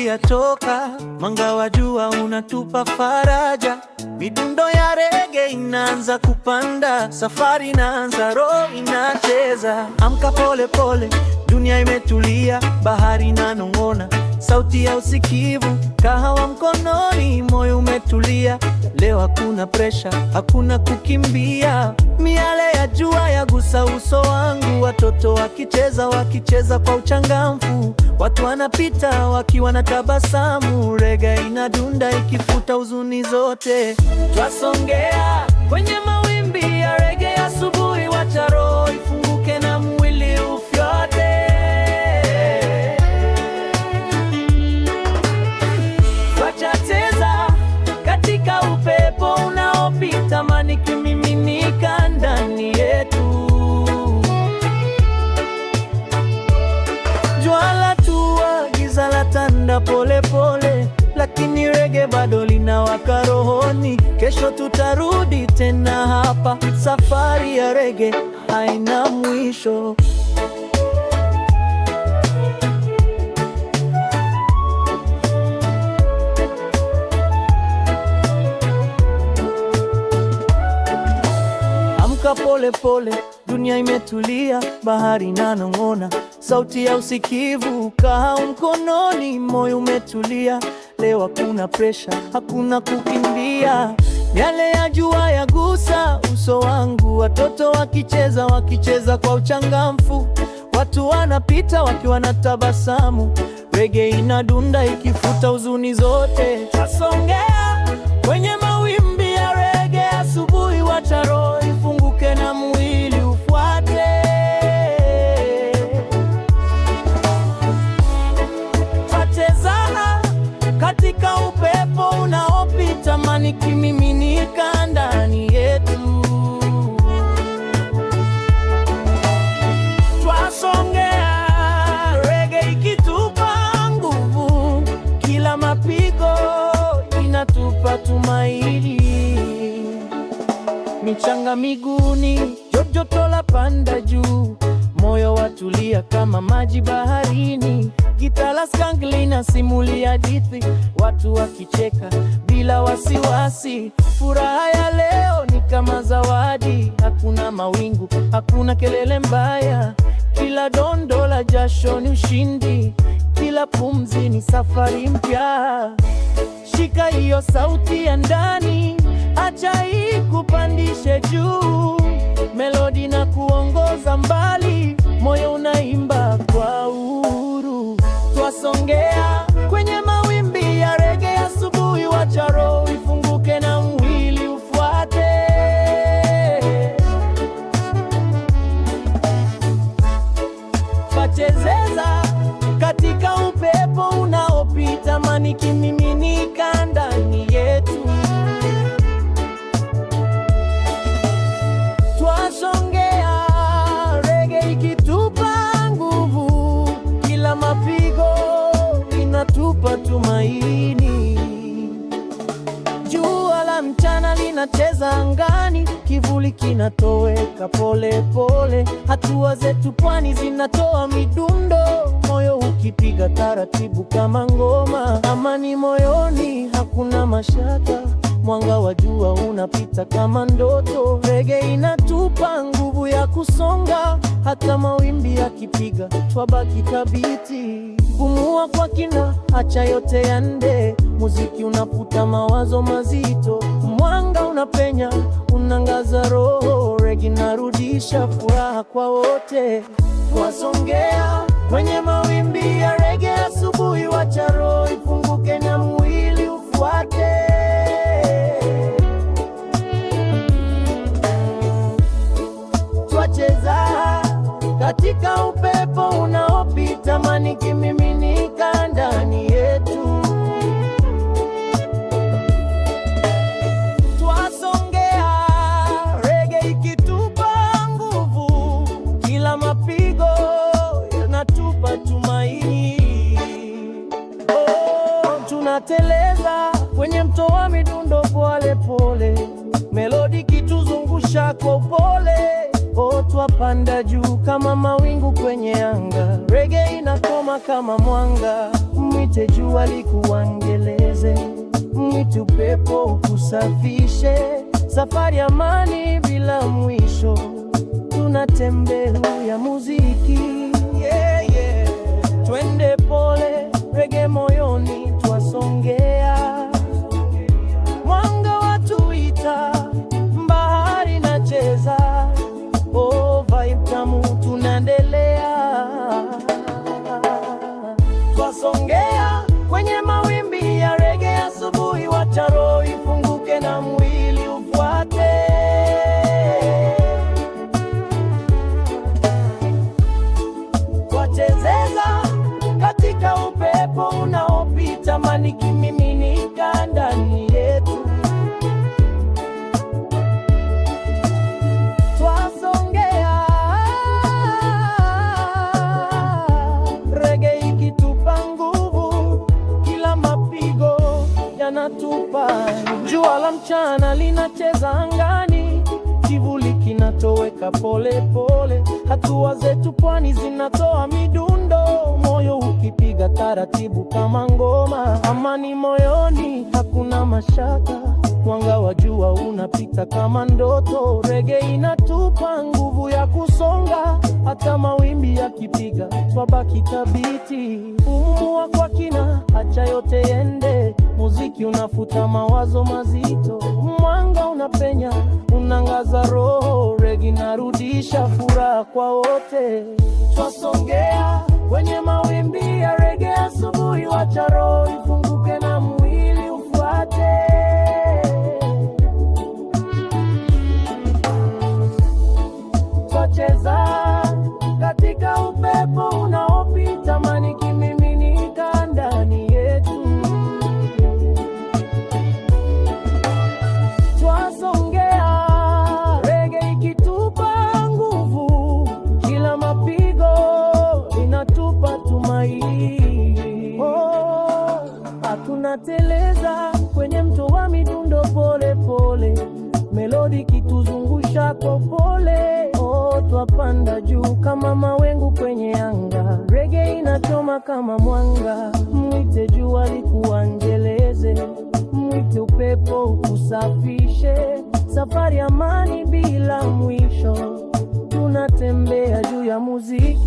uliyatoka. Mwanga wa jua unatupa faraja, midundo ya rege inaanza kupanda, safari inaanza, roho inacheza. Amka pole pole, dunia imetulia, bahari inanong'ona sauti ya usikivu, kahawa mkononi, moyo umetulia. Leo hakuna presha, hakuna kukimbia. Miale ya jua yagusa uso wangu, watoto wakicheza, wakicheza kwa uchangamfu, watu wanapita wakiwa na tabasamu. Rega inadunda ikifuta huzuni zote, twasongea kwenye mawimbi ya rege asubuhi, wacha amani kimiminika ndani yetu. Jua tuwa giza tanda polepole pole, lakini rege bado linawaka rohoni. Kesho tutarudi tena hapa, safari ya rege haina mwisho. pole pole, dunia imetulia, bahari nanong'ona, sauti ya usikivu, kahau mkononi, moyo umetulia. Leo hakuna presha, hakuna kukimbia. Miale ya jua yagusa uso wangu, watoto wakicheza, wakicheza kwa uchangamfu, watu wanapita wakiwa na tabasamu, rege inadunda ikifuta huzuni zote, tasongea kwenye mawimbi katika upepo unaopita manikimiminika ndani yetu, twasongea rege ikitupa nguvu, kila mapigo inatupa tumaini, michanga miguuni, jojoto la panda juu, moyo watulia kama maji baharini. Gitara Skang linasimulia hadithi, watu wakicheka bila wasiwasi. Furaha ya leo ni kama zawadi, hakuna mawingu, hakuna kelele mbaya. Kila dondo la jasho ni ushindi, kila pumzi ni safari mpya. Shika hiyo sauti ya ndani, acha ikupandishe juu, melodi na kuongoza mbali, moyo unaimba kwa uu wasongea kwenye kinacheza angani, kivuli kinatoweka polepole, hatua zetu pwani zinatoa midundo, moyo ukipiga taratibu kama ngoma. Amani moyoni, hakuna mashaka, mwanga wa jua unapita kama ndoto, reggae inatupa nguvu ya kusonga, hata mawimbi yakipiga twabaki thabiti. Pumua kwa kina, acha yote yande, muziki unafuta mawazo mazito unapenya, unangaza roho, regi narudisha furaha kwa wote. Twasongea kwenye mawimbi ya rege, asubuhi wacha roho tunateleza kwenye mto wa midundo pole pole, melodi kituzungusha kwa upole, o twapanda juu kama mawingu kwenye anga, rege inakoma kama mwanga, mwite jua likuangeleze, mwite upepo ukusafishe, safari amani bila mwisho, tunatembea muziki yeah, yeah. Twende pole rege moyo nikimiminika ndani yetu, twasongea rege ikitupa nguvu, kila mapigo yanatupa. Jua la mchana linacheza angani, kivuli kinatoweka polepole, hatua zetu pwani zinatoa midundo, moyo ukipiga taratibu kama ngoma mashaka, mwanga wa jua unapita kama ndoto. Rege inatupa nguvu ya kusonga, hata mawimbi yakipiga twabaki thabiti. Pumua kwa kina, acha yote ende. Muziki unafuta mawazo mazito, mwanga unapenya, unangaza roho. Rege inarudisha furaha kwa wote, twasongea kwenye mawimbi ya rege. Asubuhi wacha roho tunateleza kwenye mto wa midundo polepole, melodi kituzungusha pole oh, twapanda juu kama mawengu kwenye anga, rege inachoma kama mwanga. Mwite jua likuanjeleze, mwite upepo ukusafishe, safari amani bila mwisho, tunatembea juu ya muziki